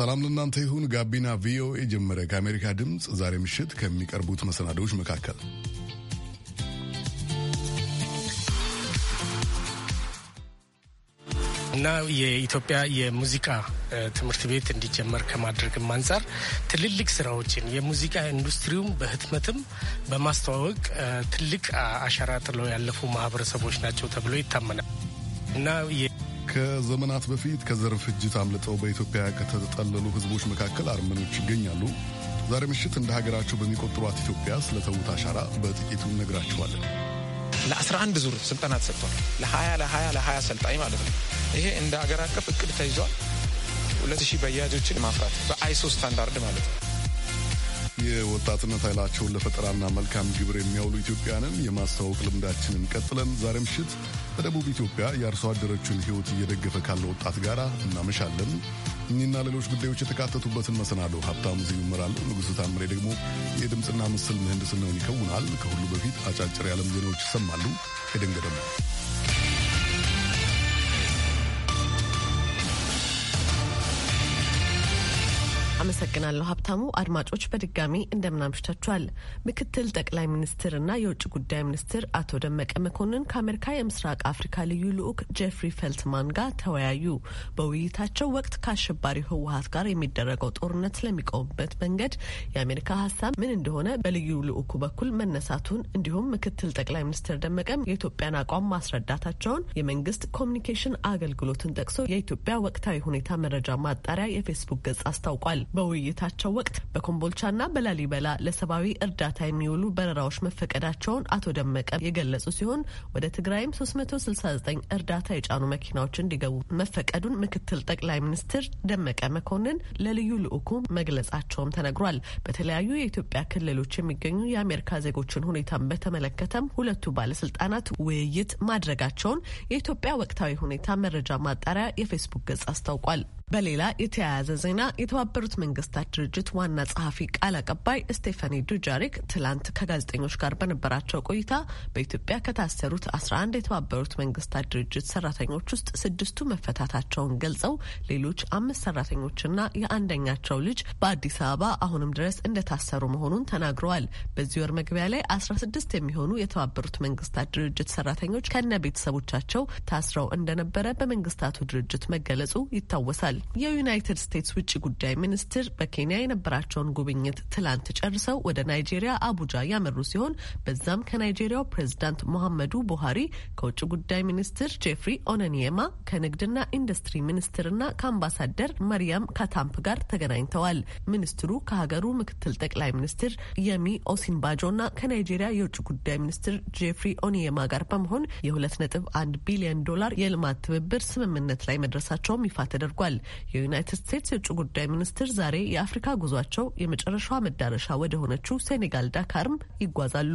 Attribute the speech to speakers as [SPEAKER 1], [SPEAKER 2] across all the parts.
[SPEAKER 1] ሰላም ለእናንተ ይሁን። ጋቢና ቪኦኤ ጀመረ። ከአሜሪካ ድምፅ ዛሬ ምሽት ከሚቀርቡት መሰናዶዎች መካከል
[SPEAKER 2] እና የኢትዮጵያ የሙዚቃ ትምህርት ቤት እንዲጀመር ከማድረግም አንጻር ትልልቅ ስራዎችን የሙዚቃ ኢንዱስትሪውም በህትመትም በማስተዋወቅ ትልቅ አሻራ ጥለው ያለፉ ማህበረሰቦች ናቸው ተብሎ ይታመናል
[SPEAKER 1] እና ከዘመናት በፊት ከዘር ፍጅት አምልጠው በኢትዮጵያ ከተጠለሉ ህዝቦች መካከል አርመኖች ይገኛሉ። ዛሬ ምሽት እንደ ሀገራቸው በሚቆጥሯት ኢትዮጵያ ስለተዉት አሻራ በጥቂቱ እነግራችኋለን። ለ11 ዙር ስልጠና ተሰጥቷል።
[SPEAKER 3] ለ20 ለ20 ለ20 ሰልጣኝ ማለት ነው። ይሄ እንደ ሀገር አቀፍ እቅድ ተይዟል። 2000 በያጆችን ማፍራት በአይሶ ስታንዳርድ
[SPEAKER 1] ማለት ነው። የወጣትነት ኃይላቸውን ለፈጠራና መልካም ግብር የሚያውሉ ኢትዮጵያንን የማስተዋወቅ ልምዳችንን ቀጥለን ዛሬ ምሽት በደቡብ ኢትዮጵያ የአርሶ አደሮችን ሕይወት እየደገፈ ካለ ወጣት ጋር እናመሻለን። እኒና ሌሎች ጉዳዮች የተካተቱበትን መሰናዶ ሀብታሙ ዚሁ ይመራል። ንጉሥ ታምሬ ደግሞ የድምፅና ምስል ምህንድስናውን ይከውናል። ከሁሉ በፊት አጫጭር የዓለም ዜናዎች ይሰማሉ። ሄደን
[SPEAKER 4] አመሰግናለሁ ሀብታሙ። አድማጮች በድጋሚ እንደምናምሽታችኋል። ምክትል ጠቅላይ ሚኒስትርና የውጭ ጉዳይ ሚኒስትር አቶ ደመቀ መኮንን ከአሜሪካ የምስራቅ አፍሪካ ልዩ ልዑክ ጄፍሪ ፌልትማን ጋር ተወያዩ። በውይይታቸው ወቅት ከአሸባሪ ህወሀት ጋር የሚደረገው ጦርነት ስለሚቆምበት መንገድ የአሜሪካ ሀሳብ ምን እንደሆነ በልዩ ልዑኩ በኩል መነሳቱን እንዲሁም ምክትል ጠቅላይ ሚኒስትር ደመቀም የኢትዮጵያን አቋም ማስረዳታቸውን የመንግስት ኮሚኒኬሽን አገልግሎትን ጠቅሶ የኢትዮጵያ ወቅታዊ ሁኔታ መረጃ ማጣሪያ የፌስቡክ ገጽ አስታውቋል። በውይይታቸው ወቅት በኮምቦልቻና በላሊበላ ለሰብአዊ እርዳታ የሚውሉ በረራዎች መፈቀዳቸውን አቶ ደመቀ የገለጹ ሲሆን ወደ ትግራይም 369 እርዳታ የጫኑ መኪናዎች እንዲገቡ መፈቀዱን ምክትል ጠቅላይ ሚኒስትር ደመቀ መኮንን ለልዩ ልዑኩ መግለጻቸውም ተነግሯል። በተለያዩ የኢትዮጵያ ክልሎች የሚገኙ የአሜሪካ ዜጎችን ሁኔታን በተመለከተም ሁለቱ ባለስልጣናት ውይይት ማድረጋቸውን የኢትዮጵያ ወቅታዊ ሁኔታ መረጃ ማጣሪያ የፌስቡክ ገጽ አስታውቋል። በሌላ የተያያዘ ዜና የተባበሩት መንግስታት ድርጅት ዋና ጸሐፊ ቃል አቀባይ ስቴፋኒ ዱጃሪክ ትላንት ከጋዜጠኞች ጋር በነበራቸው ቆይታ በኢትዮጵያ ከታሰሩት 11 የተባበሩት መንግስታት ድርጅት ሰራተኞች ውስጥ ስድስቱ መፈታታቸውን ገልጸው ሌሎች አምስት ሰራተኞችና የአንደኛቸው ልጅ በአዲስ አበባ አሁንም ድረስ እንደታሰሩ መሆኑን ተናግረዋል። በዚህ ወር መግቢያ ላይ 16 የሚሆኑ የተባበሩት መንግስታት ድርጅት ሰራተኞች ከነ ቤተሰቦቻቸው ታስረው እንደነበረ በመንግስታቱ ድርጅት መገለጹ ይታወሳል። የዩናይትድ ስቴትስ ውጭ ጉዳይ ሚኒስትር በኬንያ የነበራቸውን ጉብኝት ትላንት ጨርሰው ወደ ናይጄሪያ አቡጃ ያመሩ ሲሆን በዛም ከናይጄሪያው ፕሬዚዳንት ሞሐመዱ ቡሃሪ ከውጭ ጉዳይ ሚኒስትር ጄፍሪ ኦነኒየማ ከንግድና ኢንዱስትሪ ሚኒስትርና ከአምባሳደር መርያም ካታምፕ ጋር ተገናኝተዋል። ሚኒስትሩ ከሀገሩ ምክትል ጠቅላይ ሚኒስትር የሚ ኦሲንባጆና ከናይጄሪያ የውጭ ጉዳይ ሚኒስትር ጄፍሪ ኦኒየማ ጋር በመሆን የ2.1 ቢሊዮን ዶላር የልማት ትብብር ስምምነት ላይ መድረሳቸውም ይፋ ተደርጓል። የዩናይትድ ስቴትስ የውጭ ጉዳይ ሚኒስትር ዛሬ የአፍሪካ ጉዟቸው የመጨረሻ መዳረሻ ወደ ሆነችው ሴኔጋል ዳካርም ይጓዛሉ።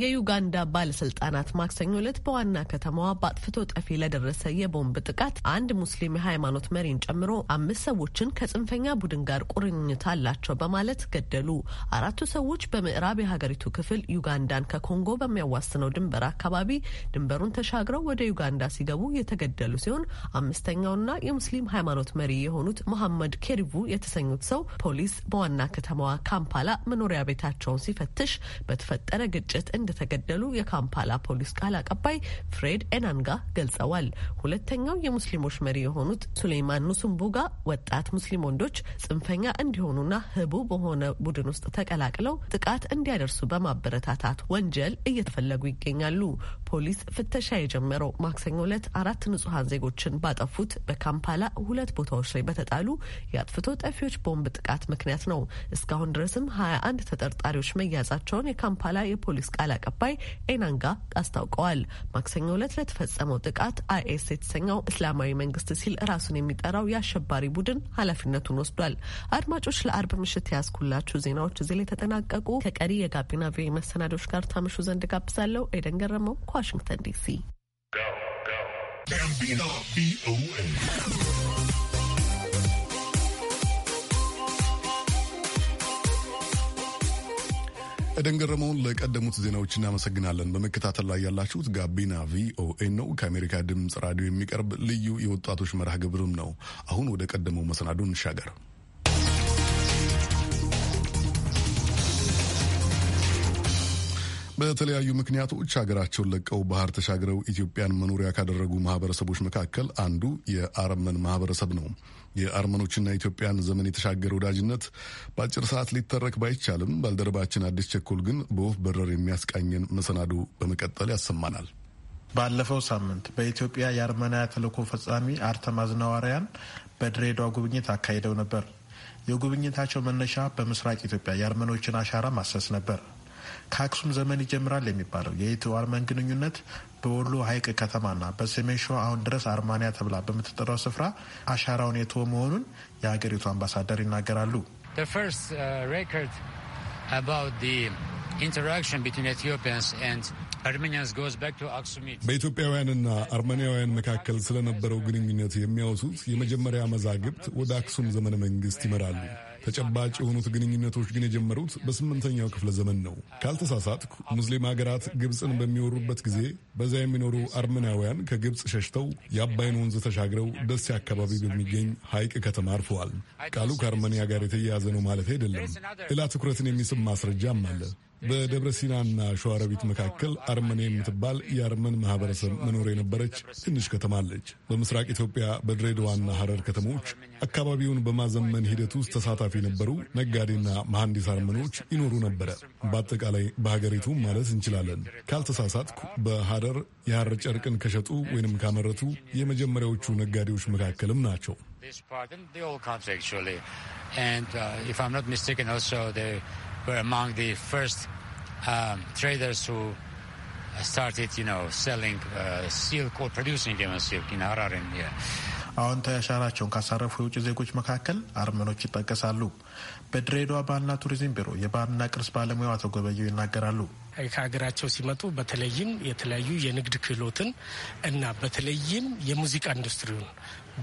[SPEAKER 4] የዩጋንዳ ባለስልጣናት ማክሰኞ ዕለት በዋና ከተማዋ በአጥፍቶ ጠፊ ለደረሰ የቦምብ ጥቃት አንድ ሙስሊም የሃይማኖት መሪን ጨምሮ አምስት ሰዎችን ከጽንፈኛ ቡድን ጋር ቁርኝት አላቸው በማለት ገደሉ። አራቱ ሰዎች በምዕራብ የሀገሪቱ ክፍል ዩጋንዳን ከኮንጎ በሚያዋስነው ድንበር አካባቢ ድንበሩን ተሻግረው ወደ ዩጋንዳ ሲገቡ የተገደሉ ሲሆን አምስተኛውና የሙስሊም ሃይማኖት መሪ የሆኑት መሐመድ ኬሪቡ የተሰኙት ሰው ፖሊስ በዋና ከተማዋ ካምፓላ መኖሪያ ቤታቸውን ሲፈትሽ በተፈጠረ ግጭት እንደተገደሉ የካምፓላ ፖሊስ ቃል አቀባይ ፍሬድ ኤናንጋ ገልጸዋል። ሁለተኛው የሙስሊሞች መሪ የሆኑት ሱሌይማን ኑሱምቡጋ ወጣት ሙስሊም ወንዶች ጽንፈኛ እንዲሆኑና ህቡ በሆነ ቡድን ውስጥ ተቀላቅለው ጥቃት እንዲያደርሱ በማበረታታት ወንጀል እየተፈለጉ ይገኛሉ። ፖሊስ ፍተሻ የጀመረው ማክሰኞ ዕለት አራት ንጹሐን ዜጎችን ባጠፉት በካምፓላ ሁለት ቦታዎች ላይ በተጣሉ የአጥፍቶ ጠፊዎች ቦምብ ጥቃት ምክንያት ነው። እስካሁን ድረስም ሀያ አንድ ተጠርጣሪዎች መያዛቸውን የካምፓላ የፖሊስ ቃል አቀባይ ኤናንጋ አስታውቀዋል። ማክሰኞ ዕለት ለተፈጸመው ጥቃት አይኤስ የተሰኘው እስላማዊ መንግስት ሲል ራሱን የሚጠራው የአሸባሪ ቡድን ኃላፊነቱን ወስዷል። አድማጮች ለአርብ ምሽት ያስኩላችሁ ዜናዎች እዚህ ላይ ተጠናቀቁ። ከቀሪ የጋቢና ቪ መሰናዶች ጋር ታምሹ ዘንድ ጋብዛለሁ። ኤደን ገረመው ከዋሽንግተን ዲሲ
[SPEAKER 1] ኤደን ገረመውን ለቀደሙት ዜናዎች እናመሰግናለን። በመከታተል ላይ ያላችሁት ጋቢና ቪኦኤ ነው፣ ከአሜሪካ ድምፅ ራዲዮ የሚቀርብ ልዩ የወጣቶች መርሃ ግብርም ነው። አሁን ወደ ቀደመው መሰናዶ እንሻገር። በተለያዩ ምክንያቶች ሀገራቸውን ለቀው ባህር ተሻግረው ኢትዮጵያን መኖሪያ ካደረጉ ማህበረሰቦች መካከል አንዱ የአረመን ማህበረሰብ ነው። የአርመኖችና ኢትዮጵያን ዘመን የተሻገረ ወዳጅነት በአጭር ሰዓት ሊተረክ ባይቻልም ባልደረባችን አዲስ ቸኮል ግን በወፍ በረር የሚያስቃኘን መሰናዶ በመቀጠል ያሰማናል። ባለፈው ሳምንት በኢትዮጵያ የአርመናያ
[SPEAKER 5] ተልዕኮ ፈጻሚ አርተማዝ ነዋሪያን በድሬዳዋ ጉብኝት አካሂደው ነበር። የጉብኝታቸው መነሻ በምስራቅ ኢትዮጵያ የአርመኖችን አሻራ ማሰስ ነበር። ከአክሱም ዘመን ይጀምራል የሚባለው የኢትዮ አርመን ግንኙነት በወሎ ሀይቅ ከተማና በሰሜን ሸዋ አሁን ድረስ አርማንያ ተብላ በምትጠራው ስፍራ አሻራውን የተወ መሆኑን የሀገሪቱ አምባሳደር ይናገራሉ።
[SPEAKER 6] uh,
[SPEAKER 1] በኢትዮጵያውያንና አርመንያውያን መካከል ስለነበረው ግንኙነት የሚያወሱት የመጀመሪያ መዛግብት ወደ አክሱም ዘመነ መንግስት ይመራሉ። ተጨባጭ የሆኑት ግንኙነቶች ግን የጀመሩት በስምንተኛው ክፍለ ዘመን ነው። ካልተሳሳትኩ ሙስሊም ሀገራት ግብፅን በሚወሩበት ጊዜ በዚያ የሚኖሩ አርመናውያን ከግብፅ ሸሽተው የአባይን ወንዝ ተሻግረው ደሴ አካባቢ በሚገኝ ሐይቅ ከተማ አርፈዋል። ቃሉ ከአርመኒያ ጋር የተያያዘ ነው ማለት አይደለም። ሌላ ትኩረትን የሚስብ ማስረጃም አለ። በደብረ ሲናና ሸዋሮቢት መካከል አርመኔ የምትባል የአርመን ማህበረሰብ መኖር የነበረች ትንሽ ከተማ አለች። በምስራቅ ኢትዮጵያ በድሬዳዋና ሐረር ከተሞች አካባቢውን በማዘመን ሂደት ውስጥ ተሳታፊ የነበሩ ነጋዴና መሐንዲስ አርመኖች ይኖሩ ነበረ። በአጠቃላይ በሀገሪቱ ማለት እንችላለን። ካልተሳሳትኩ በሐረር የሐር ጨርቅን ከሸጡ ወይንም ካመረቱ የመጀመሪያዎቹ ነጋዴዎች መካከልም ናቸው።
[SPEAKER 6] were among the first um, traders who uh, started, you know, selling uh, silk or producing Yemen silk in Harar, Yeah.
[SPEAKER 5] አዎንታዊ አሻራቸውን ካሳረፉ የውጭ ዜጎች መካከል አርመኖች ይጠቀሳሉ። በድሬዳዋ ባህልና ቱሪዝም ቢሮ የባህልና ቅርስ ባለሙያው አቶ ጎበየው ይናገራሉ።
[SPEAKER 2] ከሀገራቸው ሲመጡ በተለይም የተለያዩ የንግድ ክህሎትን እና በተለይም የሙዚቃ ኢንዱስትሪውን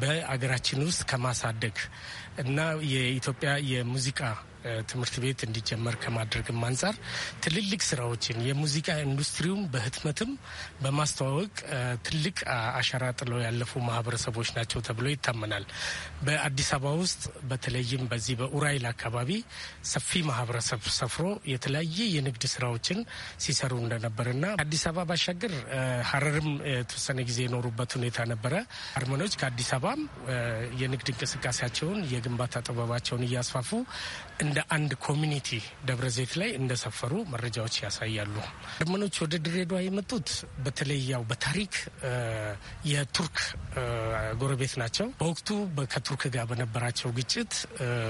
[SPEAKER 2] በአገራችን ውስጥ ከማሳደግ እና የኢትዮጵያ የሙዚቃ ትምህርት ቤት እንዲጀመር ከማድረግም አንጻር ትልልቅ ስራዎችን የሙዚቃ ኢንዱስትሪውም በህትመትም በማስተዋወቅ ትልቅ አሻራ ጥለው ያለፉ ማህበረሰቦች ናቸው ተብሎ ይታመናል። በአዲስ አበባ ውስጥ በተለይም በዚህ በኡራይል አካባቢ ሰፊ ማህበረሰብ ሰፍሮ የተለያየ የንግድ ስራዎችን ሲሰሩ እንደነበርና ከአዲስ አበባ ባሻገር ሀረርም የተወሰነ ጊዜ የኖሩበት ሁኔታ ነበረ። አርመኖች ከአዲስ አበባም የንግድ እንቅስቃሴያቸውን የግንባታ ጥበባቸውን እያስፋፉ እንደ አንድ ኮሚኒቲ ደብረ ዘይት ላይ እንደሰፈሩ መረጃዎች ያሳያሉ። ጀርመኖች ወደ ድሬዳዋ የመጡት በተለይ ያው በታሪክ የቱርክ ጎረቤት ናቸው። በወቅቱ ከቱርክ ጋር በነበራቸው ግጭት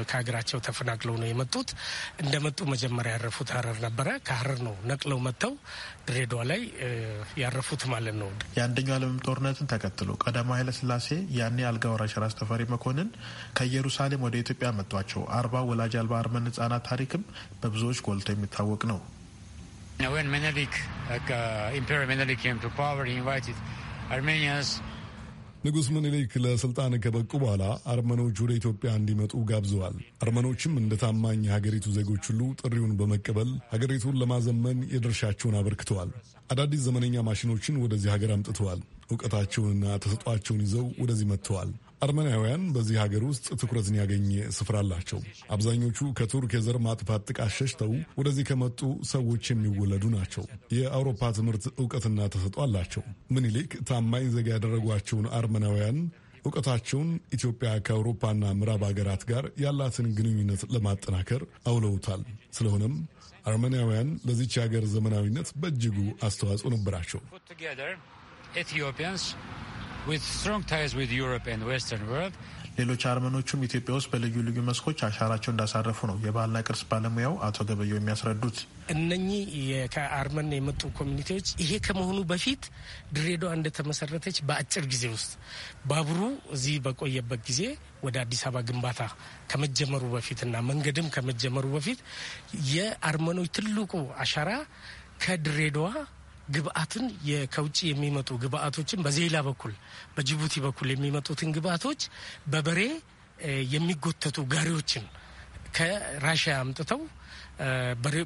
[SPEAKER 2] ከሀገራቸው ተፈናቅለው ነው የመጡት። እንደመጡ መጀመሪያ ያረፉት ሀረር ነበረ። ከሀረር ነው ነቅለው መጥተው ድሬዳዋ ላይ ያረፉት ማለት ነው።
[SPEAKER 5] የአንደኛው ዓለም ጦርነትን ተከትሎ ቀዳማዊ ኃይለሥላሴ ያኔ አልጋ ወራሽ ራስ ተፈሪ መኮንን ከኢየሩሳሌም ወደ ኢትዮጵያ መጧቸው አርባ ወላጅ አልባ አርመን ህጻናት ታሪክም በብዙዎች ጎልቶ የሚታወቅ ነው።
[SPEAKER 6] uh,
[SPEAKER 1] ንጉሥ ምኒልክ ለስልጣን ከበቁ በኋላ አርመኖች ወደ ኢትዮጵያ እንዲመጡ ጋብዘዋል። አርመኖችም እንደ ታማኝ የሀገሪቱ ዜጎች ሁሉ ጥሪውን በመቀበል ሀገሪቱን ለማዘመን የድርሻቸውን አበርክተዋል። አዳዲስ ዘመነኛ ማሽኖችን ወደዚህ ሀገር አምጥተዋል። እውቀታቸውንና ተሰጧቸውን ይዘው ወደዚህ መጥተዋል። አርመናውያን በዚህ ሀገር ውስጥ ትኩረትን ያገኘ ስፍራ አላቸው። አብዛኞቹ ከቱርክ የዘር ማጥፋት ጥቃት ሸሽተው ወደዚህ ከመጡ ሰዎች የሚወለዱ ናቸው። የአውሮፓ ትምህርት እውቀትና ተሰጥኦ አላቸው። ምኒልክ ታማኝ ዜጋ ያደረጓቸውን አርመናውያን እውቀታቸውን ኢትዮጵያ ከአውሮፓና ምዕራብ ሀገራት ጋር ያላትን ግንኙነት ለማጠናከር አውለውታል። ስለሆነም አርመናውያን ለዚች ሀገር ዘመናዊነት በእጅጉ አስተዋጽኦ ነበራቸው።
[SPEAKER 5] ሌሎች አርመኖቹም ኢትዮጵያ ውስጥ በልዩ ልዩ መስኮች አሻራቸው እንዳሳረፉ ነው የባህልና ቅርስ ባለሙያው አቶ ገበየው የሚያስረዱት።
[SPEAKER 2] እነኚህ ከአርመን የመጡ ኮሚኒቲዎች ይሄ ከመሆኑ በፊት ድሬዳዋ እንደተመሰረተች በአጭር ጊዜ ውስጥ ባቡሩ እዚህ በቆየበት ጊዜ ወደ አዲስ አበባ ግንባታ ከመጀመሩ በፊትና መንገድም ከመጀመሩ በፊት የአርመኖች ትልቁ አሻራ ከድሬዳዋ ግብአትን ከውጭ የሚመጡ ግብአቶችን በዜላ በኩል በጅቡቲ በኩል የሚመጡትን ግብአቶች በበሬ የሚጎተቱ ጋሪዎችን ከራሽያ አምጥተው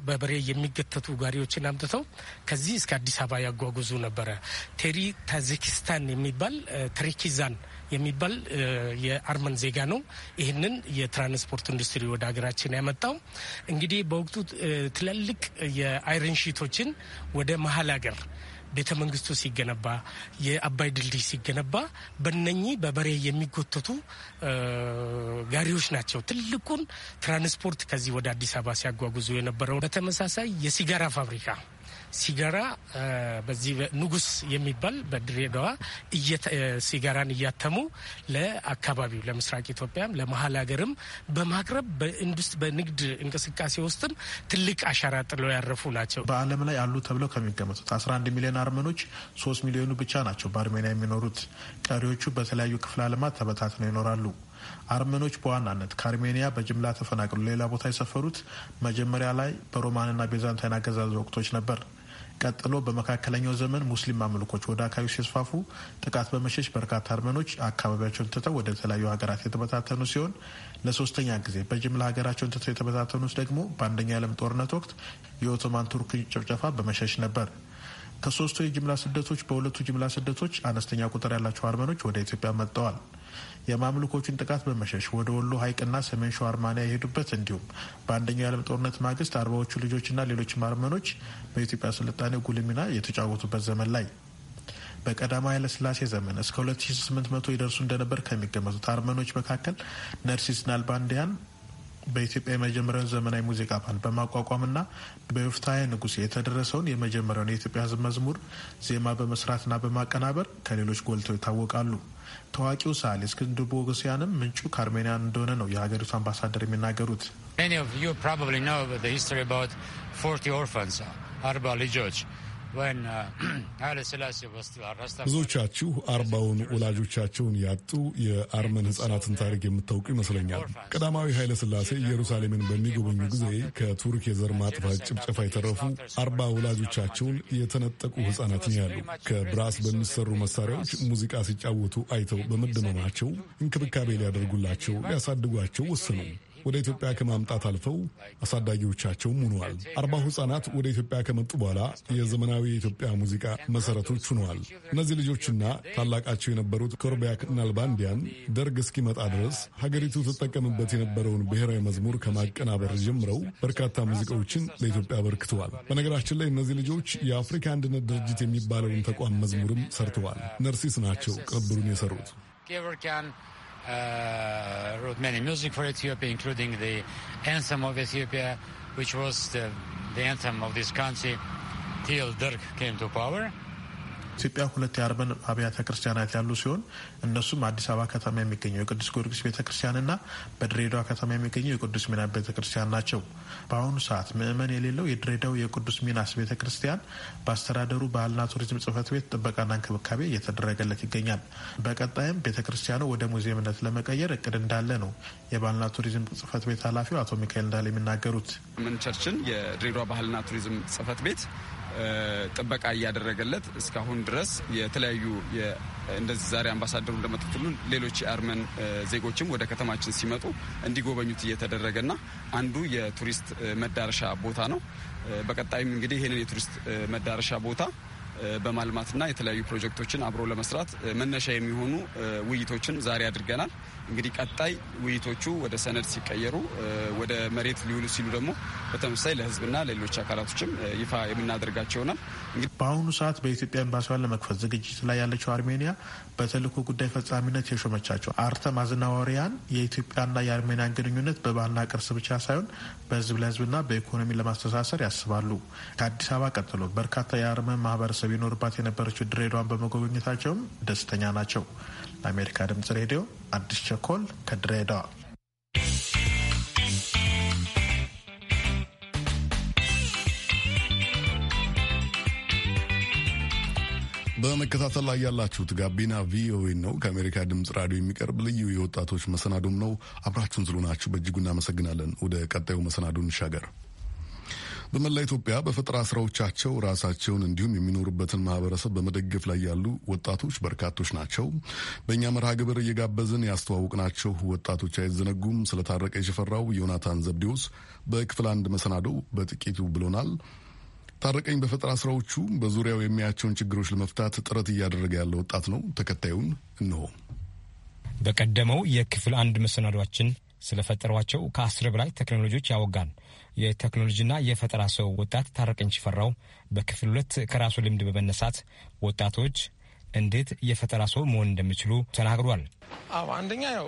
[SPEAKER 2] በበሬ የሚገተቱ ጋሪዎችን አምጥተው ከዚህ እስከ አዲስ አበባ ያጓጉዙ ነበረ። ቴሪ ታዚኪስታን የሚባል ተሪኪዛን የሚባል የአርመን ዜጋ ነው። ይህንን የትራንስፖርት ኢንዱስትሪ ወደ ሀገራችን ያመጣው እንግዲህ በወቅቱ ትላልቅ የአይረን ሺቶችን ወደ መሀል ሀገር ቤተ መንግስቱ ሲገነባ፣ የአባይ ድልድይ ሲገነባ በነኚህ በበሬ የሚጎተቱ ጋሪዎች ናቸው ትልቁን ትራንስፖርት ከዚህ ወደ አዲስ አበባ ሲያጓጉዙ የነበረው። በተመሳሳይ የሲጋራ ፋብሪካ ሲጋራ በዚህ ንጉስ የሚባል በድሬዳዋ ሲጋራን እያተሙ ለአካባቢው ለምስራቅ ኢትዮጵያም ለመሀል ሀገርም በማቅረብ
[SPEAKER 5] በንግድ እንቅስቃሴ ውስጥም ትልቅ አሻራ ጥለው ያረፉ ናቸው። በዓለም ላይ አሉ ተብለው ከሚገመቱት 11 ሚሊዮን አርመኖች 3 ሚሊዮኑ ብቻ ናቸው በአርሜኒያ የሚኖሩት። ቀሪዎቹ በተለያዩ ክፍለ ዓለማት ተበታትነው ይኖራሉ። አርመኖች በዋናነት ከአርሜኒያ በጅምላ ተፈናቅሎ ሌላ ቦታ የሰፈሩት መጀመሪያ ላይ በሮማንና ቤዛንታይን አገዛዝ ወቅቶች ነበር። ቀጥሎ በመካከለኛው ዘመን ሙስሊም ማምልኮች ወደ አካባቢ ሲስፋፉ ጥቃት በመሸሽ በርካታ አርመኖች አካባቢያቸውን ትተው ወደ ተለያዩ ሀገራት የተበታተኑ ሲሆን ለሶስተኛ ጊዜ በጅምላ ሀገራቸውን ትተው የተበታተኑት ደግሞ በአንደኛ የዓለም ጦርነት ወቅት የኦቶማን ቱርክ ጭፍጨፋ በመሸሽ ነበር። ከሶስቱ የጅምላ ስደቶች በሁለቱ ጅምላ ስደቶች አነስተኛ ቁጥር ያላቸው አርመኖች ወደ ኢትዮጵያ መጥተዋል። የማምልኮቹን ጥቃት በመሸሽ ወደ ወሎ ሀይቅና ሰሜን ሸዋ አርማንያ የሄዱበት እንዲሁም በአንደኛው የዓለም ጦርነት ማግስት አርባዎቹ ልጆችና ሌሎችም አርመኖች በኢትዮጵያ ስልጣኔ ጉልህ ሚና የተጫወቱበት ዘመን ላይ በቀዳማዊ ስላሴ ዘመን እስከ 2800 ይደርሱ እንደነበር ከሚገመቱት አርመኖች መካከል ነርሲስ ናልባንዲያን በኢትዮጵያ የመጀመሪያውን ዘመናዊ ሙዚቃ ባንድ በማቋቋምና በዮፍታሔ ንጉሴ የተደረሰውን የመጀመሪያውን የኢትዮጵያ ሕዝብ መዝሙር ዜማ በመስራትና በማቀናበር ከሌሎች ጎልተው ይታወቃሉ። ታዋቂው ሰዓሊ እስክንድር ቦጎሲያንም ምንጩ ከአርሜኒያን እንደሆነ ነው የሀገሪቱ አምባሳደር የሚናገሩት።
[SPEAKER 6] አርባ ልጆች Uh, ብዙዎቻችሁ
[SPEAKER 1] አርባውን ወላጆቻቸውን ያጡ የአርመን ህጻናትን ታሪክ የምታውቁ ይመስለኛል። ቀዳማዊ ኃይለ ስላሴ ኢየሩሳሌምን በሚጎበኙ ጊዜ ከቱርክ የዘር ማጥፋት ጭፍጨፋ የተረፉ አርባ ወላጆቻቸውን የተነጠቁ ህጻናትን ያሉ ከብራስ በሚሰሩ መሳሪያዎች ሙዚቃ ሲጫወቱ አይተው በመደመማቸው እንክብካቤ ሊያደርጉላቸው፣ ሊያሳድጓቸው ወሰኑ። ወደ ኢትዮጵያ ከማምጣት አልፈው አሳዳጊዎቻቸውም ሆነዋል። አርባ ሕጻናት ወደ ኢትዮጵያ ከመጡ በኋላ የዘመናዊ የኢትዮጵያ ሙዚቃ መሰረቶች ሆነዋል። እነዚህ ልጆችና ታላቃቸው የነበሩት ኮርቢያክ ናልባንዲያን ደርግ እስኪመጣ ድረስ ሀገሪቱ ትጠቀምበት የነበረውን ብሔራዊ መዝሙር ከማቀናበር ጀምረው በርካታ ሙዚቃዎችን ለኢትዮጵያ አበርክተዋል። በነገራችን ላይ እነዚህ ልጆች የአፍሪካ አንድነት ድርጅት የሚባለውን ተቋም መዝሙርም ሰርተዋል። ነርሲስ ናቸው ቅንብሩን የሰሩት።
[SPEAKER 6] uh, wrote many music for Ethiopia, including the anthem of Ethiopia, which was the, the anthem of this country till Dirk came to power.
[SPEAKER 5] ኢትዮጵያ ሁለት የአርመን አብያተ ክርስቲያናት ያሉ ሲሆን እነሱም አዲስ አበባ ከተማ የሚገኘው የቅዱስ ጊዮርጊስ ቤተ ክርስቲያንና በድሬዳዋ ከተማ የሚገኘው የቅዱስ ሚናስ ቤተ ክርስቲያን ናቸው። በአሁኑ ሰዓት ምእመን የሌለው የድሬዳው የቅዱስ ሚናስ ቤተ ክርስቲያን በአስተዳደሩ ባህልና ቱሪዝም ጽህፈት ቤት ጥበቃና እንክብካቤ እየተደረገለት ይገኛል። በቀጣይም ቤተ ክርስቲያኑ ወደ ሙዚየምነት ለመቀየር እቅድ እንዳለ ነው የባህልና ቱሪዝም ጽህፈት ቤት ኃላፊው አቶ ሚካኤል እንዳለ የሚናገሩት
[SPEAKER 7] ምን ቸርችን የድሬዳዋ ባህልና ቱሪዝም ጽሕፈት ቤት ጥበቃ እያደረገለት እስካሁን ድረስ የተለያዩ እንደዚህ ዛሬ አምባሳደሩ እንደመጡት ሌሎች የአርመን ዜጎችም ወደ ከተማችን ሲመጡ እንዲጎበኙት እየተደረገና አንዱ የቱሪስት መዳረሻ ቦታ ነው። በቀጣይም እንግዲህ ይህንን የቱሪስት መዳረሻ ቦታ በማልማትና የተለያዩ ፕሮጀክቶችን አብሮ ለመስራት መነሻ የሚሆኑ ውይይቶችን ዛሬ አድርገናል። እንግዲህ ቀጣይ ውይይቶቹ ወደ ሰነድ ሲቀየሩ ወደ መሬት ሊውሉ ሲሉ ደግሞ በተመሳሳይ ለህዝብና ለሌሎች አካላቶችም ይፋ የምናደርጋቸው ይሆናል።
[SPEAKER 5] በአሁኑ ሰዓት በኢትዮጵያ ኤምባሲዋን ለመክፈት ዝግጅት ላይ ያለችው አርሜኒያ በተልእኮ ጉዳይ ፈጻሚነት የሾመቻቸው አርተም አዝናዋሪያን የኢትዮጵያና የአርሜኒያን ግንኙነት በባህልና ቅርስ ብቻ ሳይሆን በህዝብ ለህዝብና በኢኮኖሚ ለማስተሳሰር ያስባሉ። ከአዲስ አበባ ቀጥሎ በርካታ የአርመን ማህበረሰብ ይኖርባት የነበረችው ድሬዳዋን በመጎብኘታቸውም ደስተኛ ናቸው። ለአሜሪካ ድምጽ ሬዲዮ አዲስ ቸኮል ከድሬዳዋ።
[SPEAKER 1] በመከታተል ላይ ያላችሁት ጋቢና ቪኦኤ ነው። ከአሜሪካ ድምፅ ራዲዮ የሚቀርብ ልዩ የወጣቶች መሰናዶም ነው። አብራችሁን ስለሆናችሁ በእጅጉ እናመሰግናለን። ወደ ቀጣዩ መሰናዶ እንሻገር። በመላ ኢትዮጵያ በፈጠራ ስራዎቻቸው ራሳቸውን እንዲሁም የሚኖሩበትን ማህበረሰብ በመደገፍ ላይ ያሉ ወጣቶች በርካቶች ናቸው። በእኛ መርሃ ግብር እየጋበዝን ያስተዋውቅናቸው ወጣቶች አይዘነጉም። ስለታረቀ የሸፈራው ዮናታን ዘብዴዎስ በክፍል አንድ መሰናዶው በጥቂቱ ብሎናል። ታረቀኝ በፈጠራ ስራዎቹ በዙሪያው የሚያቸውን ችግሮች ለመፍታት ጥረት እያደረገ ያለ ወጣት ነው። ተከታዩን እንሆ።
[SPEAKER 7] በቀደመው የክፍል አንድ መሰናዷችን ስለፈጠሯቸው ከአስር በላይ ቴክኖሎጂዎች ያወጋል። የቴክኖሎጂና የፈጠራ ሰው ወጣት ታረቀኝ ሽፈራው በክፍል ሁለት ከራሱ ልምድ በመነሳት ወጣቶች እንዴት የፈጠራ ሰው መሆን እንደሚችሉ ተናግሯል።
[SPEAKER 3] አዎ አንደኛ ያው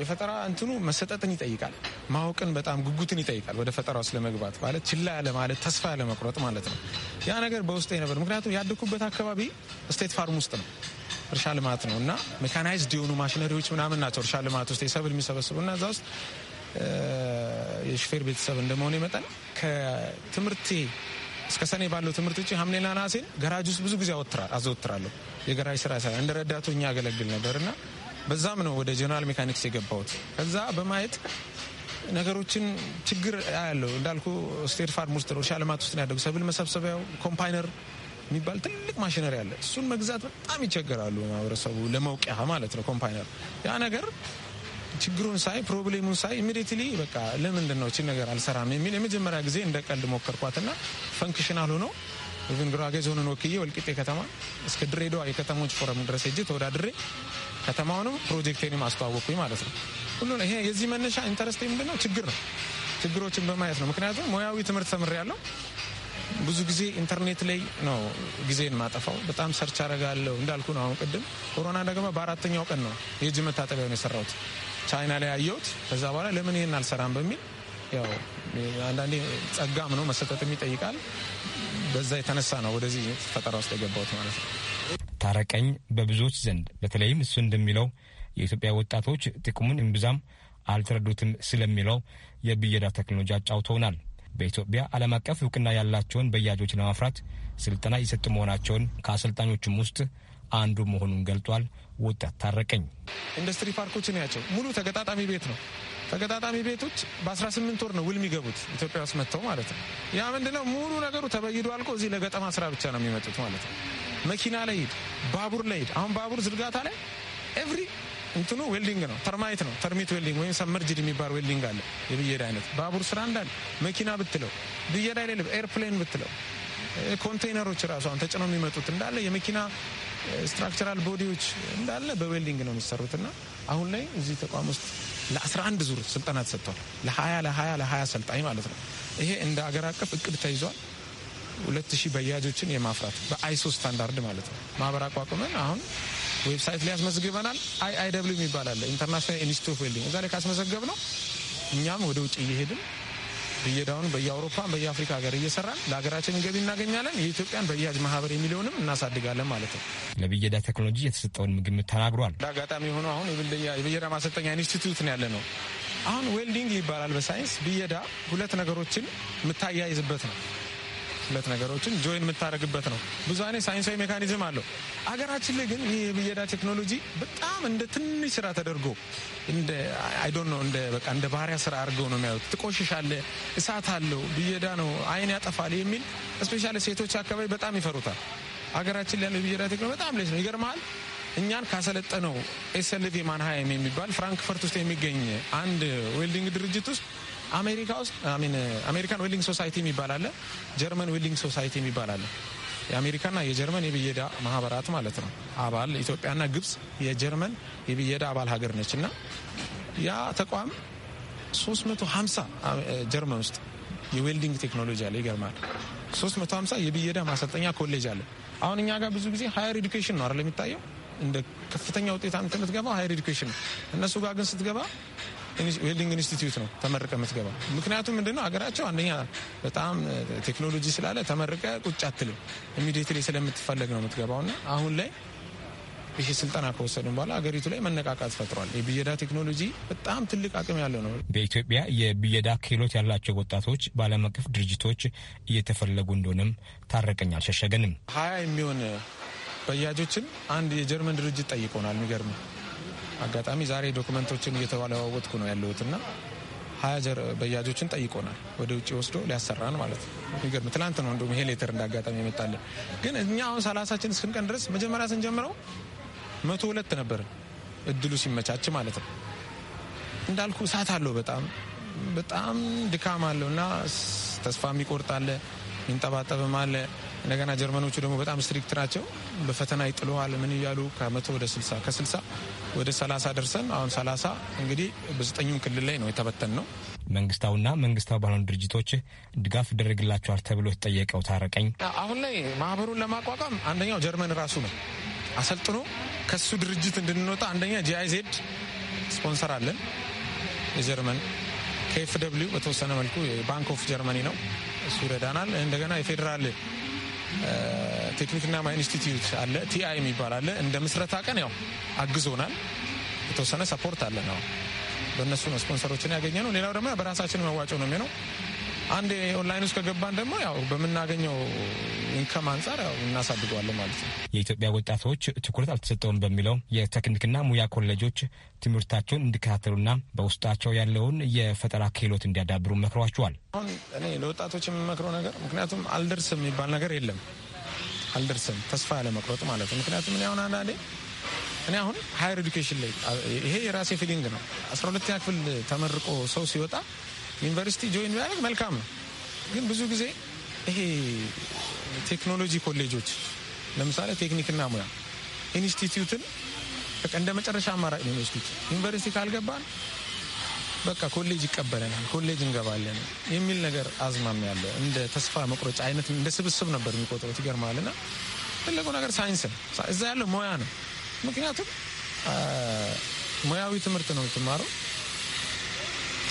[SPEAKER 3] የፈጠራ እንትኑ መሰጠትን ይጠይቃል። ማወቅን በጣም ጉጉትን ይጠይቃል። ወደ ፈጠራ ውስጥ ለመግባት ማለት ችላ ያለ ማለት ተስፋ ያለ መቁረጥ ማለት ነው። ያ ነገር በውስጤ ነበር። ምክንያቱም ያደኩበት አካባቢ ስቴት ፋርም ውስጥ ነው እርሻ ልማት ነው እና ሜካናይዝድ የሆኑ ማሽነሪዎች ምናምን ናቸው እርሻ ልማት ውስጥ የሰብል የሚሰበስቡ እና እዛ ውስጥ የሹፌር ቤተሰብ እንደመሆነ መጠን ከትምህርቴ እስከ ሰኔ ባለው ትምህርት ውጭ ሐምሌና ነሐሴን ገራጅ ውስጥ ብዙ ጊዜ አዘወትራለሁ። የገራጅ ስራ ሰራ እንደ ረዳቱ እኛ ያገለግል ነበርና በዛም ነው ወደ ጀነራል ሜካኒክስ የገባሁት። ከዛ በማየት ነገሮችን ችግር ያለው እንዳልኩ ስቴት ፋርም ውስጥ እርሻ ልማት ውስጥ ያደጉ ሰብል መሰብሰቢያው ኮምፓይነር የሚባል ትልቅ ማሽነሪ አለ። እሱን መግዛት በጣም ይቸገራሉ ማህበረሰቡ ለመውቂያ ማለት ነው ኮምፓይነር ያ ነገር ችግሩን ሳይ ፕሮብሌሙን ሳይ ኢሚዲትሊ በቃ ለምንድን ነው ችን ነገር አልሰራም የሚል የመጀመሪያ ጊዜ እንደ ቀልድ ሞከርኳትና ፈንክሽናል ሆኖ ኢቭን ጉራጌ ዞንን ወክዬ ወልቂጤ ከተማ እስከ ድሬዳዋ የከተሞች ፎረም ድረስ ሄጄ ተወዳድሬ ከተማውንም ፕሮጀክቴንም አስተዋወቅኩኝ ማለት ነው። ሁሉ ይሄ የዚህ መነሻ ኢንተረስቴ ምንድን ነው ችግር ነው ችግሮችን በማየት ነው። ምክንያቱም ሙያዊ ትምህርት ተምር ያለው ብዙ ጊዜ ኢንተርኔት ላይ ነው ጊዜን ማጠፋው። በጣም ሰርች አረጋለሁ እንዳልኩ ነው። አሁን ቅድም ኮሮና ደግሞ በአራተኛው ቀን ነው የእጅ መታጠቢያውን የሰራሁት። ቻይና ላይ ያየሁት። ከዛ በኋላ ለምን ይህን አልሰራም በሚል ያው አንዳንዴ ጸጋም ነው መሰጠትም ይጠይቃል። በዛ የተነሳ ነው ወደዚህ ፈጠራ ውስጥ የገባሁት ማለት ነው።
[SPEAKER 7] ታረቀኝ በብዙዎች ዘንድ በተለይም እሱ እንደሚለው የኢትዮጵያ ወጣቶች ጥቅሙን እምብዛም አልተረዱትም ስለሚለው የብየዳ ቴክኖሎጂ አጫውተውናል። በኢትዮጵያ ዓለም አቀፍ እውቅና ያላቸውን በያጆች ለማፍራት ስልጠና የሰጡ መሆናቸውን ከአሰልጣኞችም ውስጥ አንዱ መሆኑን ገልጧል። ወጣት ታረቀኝ
[SPEAKER 3] ኢንዱስትሪ ፓርኮች ያቸው ሙሉ ተገጣጣሚ ቤት ነው። ተገጣጣሚ ቤቶች በ18 ወር ነው ውል የሚገቡት ኢትዮጵያ ውስጥ መጥተው ማለት ነው። ያ ምንድነው ሙሉ ነገሩ ተበይዶ አልቆ እዚህ ለገጠማ ስራ ብቻ ነው የሚመጡት ማለት ነው። መኪና ላይ ሂድ፣ ባቡር ላይ ሂድ። አሁን ባቡር ዝርጋታ ላይ ኤቭሪ እንትኑ ዌልዲንግ ነው፣ ተርማይት ነው፣ ተርሚት ዌልዲንግ ወይም ሰመርጅድ የሚባል ዌልዲንግ አለ፣ የብየዳ አይነት። ባቡር ስራ እንዳለ መኪና ብትለው ብየዳ ሌለ ኤርፕሌን ብትለው ኮንቴይነሮች ራሱ አሁን ተጭነው የሚመጡት እንዳለ የመኪና ስትራክቸራል ቦዲዎች እንዳለ በዌልዲንግ ነው የሚሰሩት እና አሁን ላይ እዚህ ተቋም ውስጥ ለ11 ዙር ስልጠና ተሰጥቷል። ለ20 ለ20 ለ20 ሰልጣኝ ማለት ነው። ይሄ እንደ አገር አቀፍ እቅድ ተይዟል። ሁለት በያጆችን የማፍራት በአይሶ ስታንዳርድ ማለት ነው። ማህበር አቋቁመን አሁን ዌብሳይት ላይ ያስመዝግበናል። አይ አይ ደብሊው የሚባል አለ ኢንተርናሽናል ኢንስቲትዩት ኦፍ ዌልዲንግ እዛ ላይ ካስመዘገብ ነው እኛም ወደ ውጭ እየሄድን ብየዳውን በየአውሮፓን በየአፍሪካ ሀገር እየሰራን ለሀገራችን ገቢ እናገኛለን። የኢትዮጵያን በያጅ ማህበር የሚለውንም እናሳድጋለን ማለት ነው። ለብየዳ ቴክኖሎጂ የተሰጠውን ምግምት ተናግሯል። አጋጣሚ የሆነ አሁን የብየዳ ማሰልጠኛ ኢንስቲትዩት ነው ያለ ነው። አሁን ዌልዲንግ ይባላል በሳይንስ ብየዳ ሁለት ነገሮችን የምታያይዝበት ነው ሁለት ነገሮችን ጆይን የምታደርግበት ነው። ብዙ አይነት ሳይንሳዊ ሜካኒዝም አለው። አገራችን ላይ ግን ይህ የብየዳ ቴክኖሎጂ በጣም እንደ ትንሽ ስራ ተደርጎ አይዶን ነው እንደ በቃ እንደ ባህሪያ ስራ አድርገው ነው የሚያዩት። ትቆሽሻለ፣ እሳት አለው፣ ብየዳ ነው፣ አይን ያጠፋል የሚል ስፔሻሊ ሴቶች አካባቢ በጣም ይፈሩታል። አገራችን ላይ የብየዳ ቴክኖሎጂ በጣም ሌስ ነው። ይገርመሃል እኛን ካሰለጠነው ኤስልቪ ማንሃይም የሚባል ፍራንክፈርት ውስጥ የሚገኝ አንድ ዌልዲንግ ድርጅት ውስጥ አሜሪካ ውስጥ አሜሪካን ዌልዲንግ ሶሳይቲ የሚባል አለ። ጀርመን ዌልዲንግ ሶሳይቲ የሚባል አለ። የአሜሪካና የጀርመን የብየዳ ማህበራት ማለት ነው። አባል ኢትዮጵያና ግብጽ የጀርመን የብየዳ አባል ሀገር ነች እና ያ ተቋም 350 ጀርመን ውስጥ የዌልዲንግ ቴክኖሎጂ አለ። ይገርማል። 350 የብየዳ ማሰልጠኛ ኮሌጅ አለ። አሁን እኛ ጋር ብዙ ጊዜ ሀየር ኤዱኬሽን ነው አይደል የሚታየው እንደ ከፍተኛ ውጤት አንተ የምትገባው ሀየር ኤዱኬሽን ነው። እነሱ ጋር ግን ስትገባ ዌልዲንግ ኢንስቲትዩት ነው ተመርቀ የምትገባ። ምክንያቱም ምንድነው ሀገራቸው አንደኛ በጣም ቴክኖሎጂ ስላለ ተመርቀ ቁጭ አትልም፣ ኢሚዲየትሊ ስለምትፈለግ ነው የምትገባው። እና አሁን ላይ ይህ ስልጠና ከወሰድን በኋላ ሀገሪቱ ላይ መነቃቃት ፈጥሯል። የብየዳ ቴክኖሎጂ በጣም ትልቅ አቅም ያለው ነው።
[SPEAKER 7] በኢትዮጵያ የብየዳ ክህሎት ያላቸው ወጣቶች በዓለም አቀፍ ድርጅቶች እየተፈለጉ እንደሆነም ታረቀኝ አልሸሸገንም።
[SPEAKER 3] ሀያ የሚሆን በያጆችን አንድ የጀርመን ድርጅት ጠይቆናል። የሚገርም አጋጣሚ ዛሬ ዶክመንቶችን እየተለዋወጥኩ ነው ያለሁትና ሀያ በያጆችን ጠይቆናል። ወደ ውጭ ወስዶ ሊያሰራን ማለት ነው። ትላንት ነው እንደውም ይሄ ሌተር እንዳጋጣሚ የመጣለን። ግን እኛ አሁን ሰላሳችን እስክንቀን ድረስ መጀመሪያ ስንጀምረው መቶ ሁለት ነበርን እድሉ ሲመቻች ማለት ነው። እንዳልኩ እሳት አለው በጣም በጣም ድካም አለው እና ተስፋ የሚቆርጣለ አለ፣ አለ እንደገና ጀርመኖቹ ደግሞ በጣም ስትሪክት ናቸው። በፈተና ይጥለዋል ምን እያሉ ከመቶ ወደ ስልሳ ከስልሳ ወደ ሰላሳ ደርሰን አሁን ሰላሳ እንግዲህ በዘጠኙም ክልል ላይ ነው የተበተን ነው። መንግስታውና
[SPEAKER 7] መንግስታዊ ባልሆኑ ድርጅቶች ድጋፍ ይደረግላቸዋል ተብሎ የተጠየቀው ታረቀኝ
[SPEAKER 3] አሁን ላይ ማህበሩን ለማቋቋም አንደኛው ጀርመን ራሱ ነው አሰልጥኖ ከሱ ድርጅት እንድንወጣ አንደኛ ጂአይዜድ ስፖንሰር አለን የጀርመን ከኤፍ ደብሊው በተወሰነ መልኩ ባንክ ኦፍ ጀርመኒ ነው እሱ ይረዳናል። እንደገና የፌዴራል ቴክኒክና ማይ ኢንስቲትዩት አለ፣ ቲአይ የሚባል አለ። እንደ ምስረታ ቀን ያው አግዞናል። የተወሰነ ሰፖርት አለ ነው በእነሱ ነው ስፖንሰሮችን ያገኘ ነው። ሌላው ደግሞ በራሳችን መዋጮ ነው የሚሆነው አንድ ኦንላይን ውስጥ ከገባን ደግሞ ያው በምናገኘው ኢንከም አንጻር ያው እናሳድገዋለን ማለት ነው።
[SPEAKER 7] የኢትዮጵያ ወጣቶች ትኩረት አልተሰጠውም በሚለው የቴክኒክና ሙያ ኮሌጆች ትምህርታቸውን እንዲከታተሉና በውስጣቸው ያለውን የፈጠራ ክህሎት እንዲያዳብሩ መክሯቸዋል።
[SPEAKER 3] አሁን እኔ ለወጣቶች የምመክረው ነገር ምክንያቱም አልደርስ የሚባል ነገር የለም። አልደርስም ተስፋ ያለ መቁረጥ ማለት ነው። ምክንያቱም እኔ አሁን አንዳንዴ እኔ አሁን ሀየር ኤዱኬሽን ላይ ይሄ የራሴ ፊሊንግ ነው። አስራ ሁለተኛ ክፍል ተመርቆ ሰው ሲወጣ ዩኒቨርሲቲ ጆይን ቢያደርግ መልካም ነው። ግን ብዙ ጊዜ ይሄ ቴክኖሎጂ ኮሌጆች ለምሳሌ ቴክኒክና ሙያ ኢንስቲትዩትን በቃ እንደ መጨረሻ አማራጭ ነው የሚወስዱት። ዩኒቨርሲቲ ካልገባን በቃ ኮሌጅ ይቀበለናል፣ ኮሌጅ እንገባለን የሚል ነገር አዝማሚ ያለ እንደ ተስፋ መቁረጫ አይነት እንደ ስብስብ ነበር የሚቆጥሩት። ይገርማል። እና ትልቁ ነገር ሳይንስ ነው፣ እዛ ያለው ሙያ ነው። ምክንያቱም ሙያዊ ትምህርት ነው የምትማረው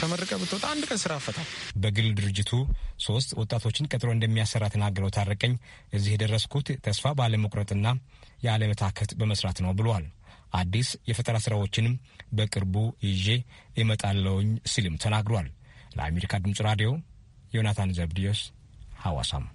[SPEAKER 3] ተመርቀ ብትወጣ አንድ ቀን ስራ አፈታ።
[SPEAKER 7] በግል ድርጅቱ ሶስት ወጣቶችን ቀጥሮ እንደሚያሰራ ተናገረው ታረቀኝ እዚህ የደረስኩት ተስፋ ባለመቁረጥና የአለመታከት በመስራት ነው ብሏል። አዲስ የፈጠራ ስራዎችንም በቅርቡ ይዤ እመጣለውኝ ሲልም ተናግሯል። ለአሜሪካ ድምፅ ራዲዮ ዮናታን ዘብዲዮስ ሐዋሳም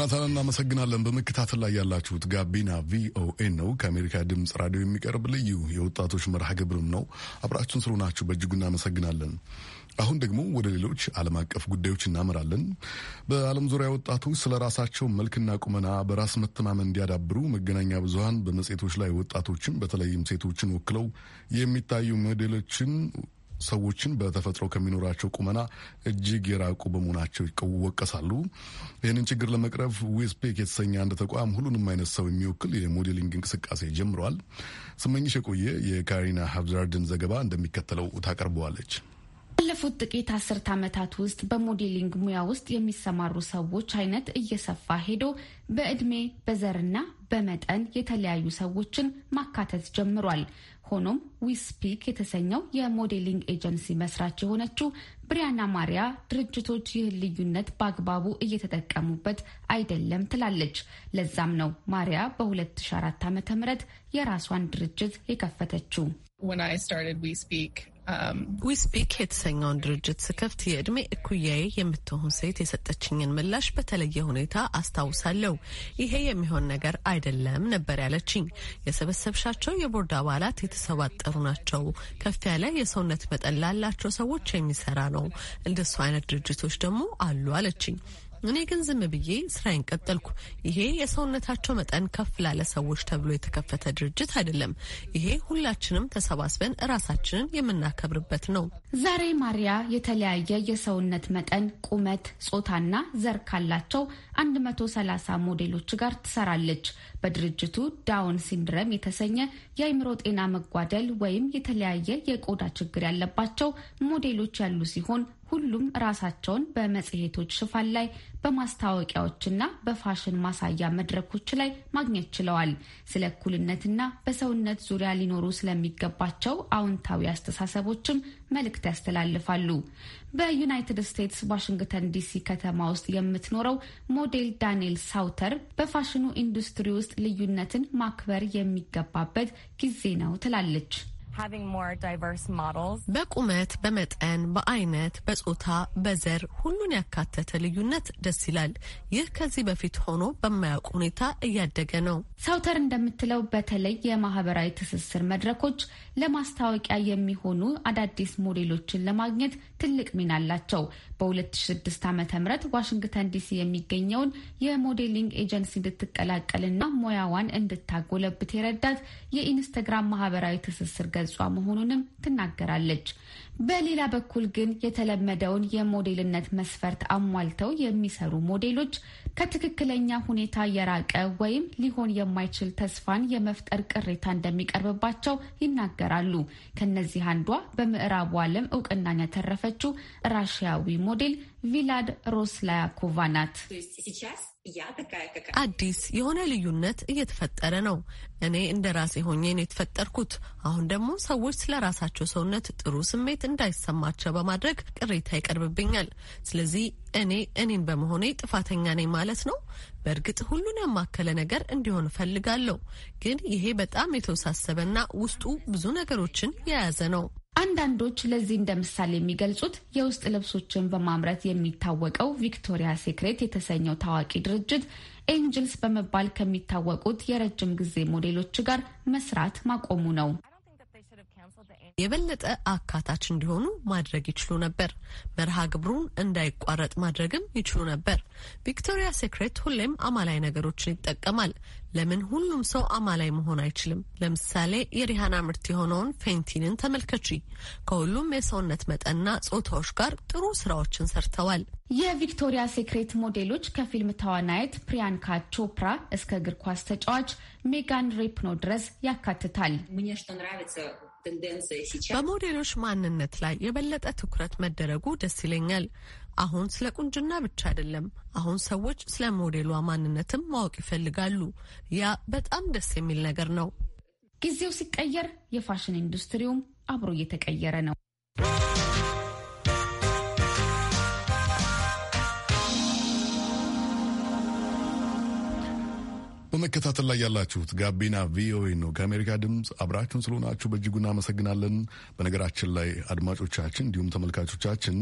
[SPEAKER 1] ዮናታን እናመሰግናለን። በመከታተል ላይ ያላችሁት ጋቢና ቪኦኤ ነው፣ ከአሜሪካ ድምፅ ራዲዮ የሚቀርብ ልዩ የወጣቶች መርሃ ግብርም ነው። አብራችሁን ስለሆናችሁ በእጅጉ እናመሰግናለን። አሁን ደግሞ ወደ ሌሎች ዓለም አቀፍ ጉዳዮች እናመራለን። በዓለም ዙሪያ ወጣቶች ስለ ራሳቸው መልክና ቁመና በራስ መተማመን እንዲያዳብሩ መገናኛ ብዙሀን በመጽሔቶች ላይ ወጣቶችን በተለይም ሴቶችን ወክለው የሚታዩ ሞዴሎችን ሰዎችን በተፈጥሮ ከሚኖራቸው ቁመና እጅግ የራቁ በመሆናቸው ይወቀሳሉ። ይህንን ችግር ለመቅረፍ ዊስፔክ የተሰኘ አንድ ተቋም ሁሉንም አይነት ሰው የሚወክል የሞዴሊንግ እንቅስቃሴ ጀምረዋል። ስመኝሽ የቆየ የካሪና ሀብዛርድን ዘገባ እንደሚከተለው ታቀርበዋለች።
[SPEAKER 8] ባለፉት ጥቂት አስርት ዓመታት ውስጥ በሞዴሊንግ ሙያ ውስጥ የሚሰማሩ ሰዎች አይነት እየሰፋ ሄዶ በእድሜ በዘርና በመጠን የተለያዩ ሰዎችን ማካተት ጀምሯል። ሆኖም ዊስፒክ የተሰኘው የሞዴሊንግ ኤጀንሲ መስራች የሆነችው ብሪያና ማሪያ ድርጅቶች ይህን ልዩነት በአግባቡ እየተጠቀሙበት አይደለም ትላለች። ለዛም ነው ማሪያ በ2004 ም የራሷን ድርጅት የከፈተችው። When I started WeSpeak,
[SPEAKER 4] ዊስፒክ የተሰኘውን ድርጅት ስከፍት የዕድሜ እኩያዬ የምትሆን ሴት የሰጠችኝን ምላሽ በተለየ ሁኔታ አስታውሳለሁ። ይሄ የሚሆን ነገር አይደለም ነበር ያለችኝ። የሰበሰብሻቸው የቦርድ አባላት የተሰባጠሩ ናቸው። ከፍ ያለ የሰውነት መጠን ላላቸው ሰዎች የሚሰራ ነው። እንደሱ አይነት ድርጅቶች ደግሞ አሉ አለችኝ። እኔ ግን ዝም ብዬ ስራዬን ቀጠልኩ። ይሄ የሰውነታቸው መጠን ከፍ ላለ ሰዎች ተብሎ የተከፈተ ድርጅት አይደለም። ይሄ ሁላችንም ተሰባስበን እራሳችንን የምናከብርበት ነው።
[SPEAKER 8] ዛሬ ማሪያ የተለያየ የሰውነት መጠን፣ ቁመት፣ ጾታና ዘር ካላቸው 130 ሞዴሎች ጋር ትሰራለች። በድርጅቱ ዳውን ሲንድረም የተሰኘ የአይምሮ ጤና መጓደል ወይም የተለያየ የቆዳ ችግር ያለባቸው ሞዴሎች ያሉ ሲሆን ሁሉም ራሳቸውን በመጽሔቶች ሽፋን ላይ በማስታወቂያዎችና በፋሽን ማሳያ መድረኮች ላይ ማግኘት ችለዋል። ስለ እኩልነትና በሰውነት ዙሪያ ሊኖሩ ስለሚገባቸው አዎንታዊ አስተሳሰቦችም መልእክት ያስተላልፋሉ። በዩናይትድ ስቴትስ ዋሽንግተን ዲሲ ከተማ ውስጥ የምትኖረው ሞዴል ዳንኤል ሳውተር በፋሽኑ ኢንዱስትሪ ውስጥ ልዩነትን ማክበር የሚገባበት ጊዜ ነው ትላለች። በቁመት፣ በመጠን፣
[SPEAKER 4] በአይነት፣ በጾታ፣ በዘር ሁሉን ያካተተ ልዩነት ደስ ይላል። ይህ ከዚህ በፊት ሆኖ በማያውቅ ሁኔታ እያደገ ነው።
[SPEAKER 8] ሰውተር እንደምትለው በተለይ የማህበራዊ ትስስር መድረኮች ለማስታወቂያ የሚሆኑ አዳዲስ ሞዴሎችን ለማግኘት ትልቅ ሚና አላቸው። በ2006 ዓ ም ዋሽንግተን ዲሲ የሚገኘውን የሞዴሊንግ ኤጀንሲ እንድትቀላቀልና ሙያዋን እንድታጎለብት የረዳት የኢንስተግራም ማህበራዊ ትስስር ገጿ መሆኑንም ትናገራለች። በሌላ በኩል ግን የተለመደውን የሞዴልነት መስፈርት አሟልተው የሚሰሩ ሞዴሎች ከትክክለኛ ሁኔታ የራቀ ወይም ሊሆን የማይችል ተስፋን የመፍጠር ቅሬታ እንደሚቀርብባቸው ይናገራሉ። ከነዚህ አንዷ በምዕራቡ ዓለም እውቅናን ያተረፈችው ራሽያዊ ሞዴል ቪላድ ሮስላያኮቫ ናት። አዲስ የሆነ ልዩነት እየተፈጠረ ነው። እኔ እንደ ራሴ ሆኜ
[SPEAKER 4] ነው የተፈጠርኩት። አሁን ደግሞ ሰዎች ስለ ራሳቸው ሰውነት ጥሩ ስሜት እንዳይሰማቸው በማድረግ ቅሬታ ይቀርብብኛል። ስለዚህ እኔ እኔን በመሆኔ ጥፋተኛ ነኝ ማለት ነው። በእርግጥ ሁሉን ያማከለ ነገር እንዲሆን እፈልጋለሁ፣ ግን ይሄ በጣም የተወሳሰበና
[SPEAKER 8] ውስጡ ብዙ ነገሮችን የያዘ ነው። አንዳንዶች ለዚህ እንደ ምሳሌ የሚገልጹት የውስጥ ልብሶችን በማምረት የሚታወቀው ቪክቶሪያ ሴክሬት የተሰኘው ታዋቂ ድርጅት ኤንጅልስ በመባል ከሚታወቁት የረጅም ጊዜ ሞዴሎች ጋር መስራት ማቆሙ ነው። የበለጠ አካታች እንዲሆኑ ማድረግ ይችሉ
[SPEAKER 4] ነበር። መርሃ ግብሩን እንዳይቋረጥ ማድረግም ይችሉ ነበር። ቪክቶሪያ ሴክሬት ሁሌም አማላይ ነገሮችን ይጠቀማል። ለምን ሁሉም ሰው አማላይ መሆን አይችልም? ለምሳሌ የሪሃና ምርት የሆነውን ፌንቲንን ተመልከቺ። ከሁሉም የሰውነት መጠንና ጾታዎች ጋር ጥሩ ስራዎችን ሰርተዋል።
[SPEAKER 8] የቪክቶሪያ ሴክሬት ሞዴሎች ከፊልም ተዋናይት ፕሪያንካ ቾፕራ እስከ እግር ኳስ ተጫዋች ሜጋን ሬፕኖ ድረስ ያካትታል። በሞዴሎች ማንነት ላይ የበለጠ ትኩረት
[SPEAKER 4] መደረጉ ደስ ይለኛል። አሁን ስለ ቁንጅና ብቻ አይደለም። አሁን ሰዎች ስለ ሞዴሏ ማንነትም ማወቅ ይፈልጋሉ። ያ በጣም ደስ የሚል ነገር ነው። ጊዜው
[SPEAKER 8] ሲቀየር የፋሽን ኢንዱስትሪውም አብሮ እየተቀየረ ነው።
[SPEAKER 1] በመከታተል ላይ ያላችሁት ጋቢና ቪኦኤ ነው። ከአሜሪካ ድምፅ አብራችሁን ስለሆናችሁ በእጅጉ እናመሰግናለን። በነገራችን ላይ አድማጮቻችን፣ እንዲሁም ተመልካቾቻችን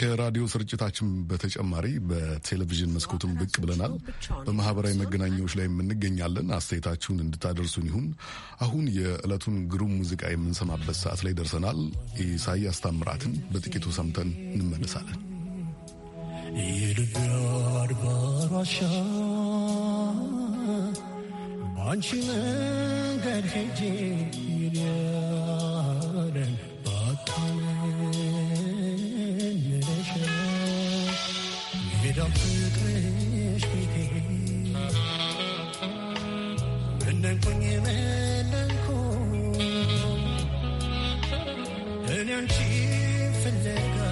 [SPEAKER 1] ከራዲዮ ስርጭታችን በተጨማሪ በቴሌቪዥን መስኮቱን ብቅ ብለናል። በማህበራዊ መገናኛዎች ላይ የምንገኛለን። አስተያየታችሁን እንድታደርሱን ይሁን። አሁን የዕለቱን ግሩም ሙዚቃ የምንሰማበት ሰዓት ላይ ደርሰናል። ኢሳያስ ታምራትን በጥቂቱ ሰምተን እንመለሳለን። የልብ አድባር ዋሻ በአንቺ መንገድ ሄጄ
[SPEAKER 6] ይልያለን ባታመነሽ ሄዳም ፍቅርሽ ቤቴ
[SPEAKER 5] መነንኩኝ መነንኩ እኔ አንቺ ፍለጋ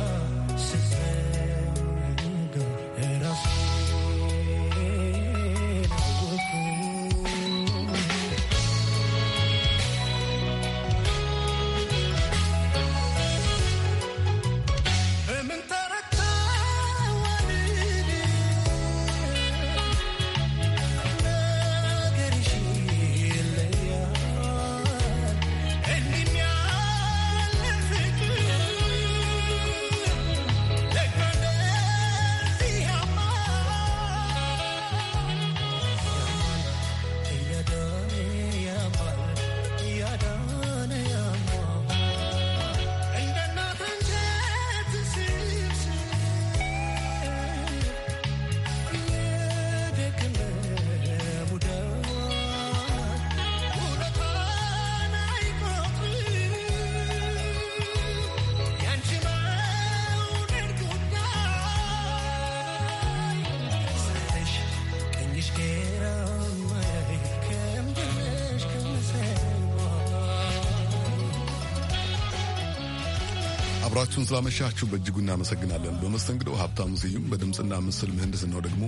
[SPEAKER 1] አብራችሁን ስላመሻችሁ በእጅጉ እናመሰግናለን። በመስተንግዶ ሀብታሙ ስዩም፣ በድምፅና ምስል ምህንድስናው ደግሞ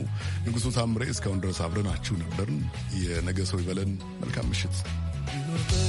[SPEAKER 1] ንጉሱ ታምሬ። እስካሁን ድረስ አብረናችሁ ነበርን። የነገ ሰው ይበለን። መልካም ምሽት።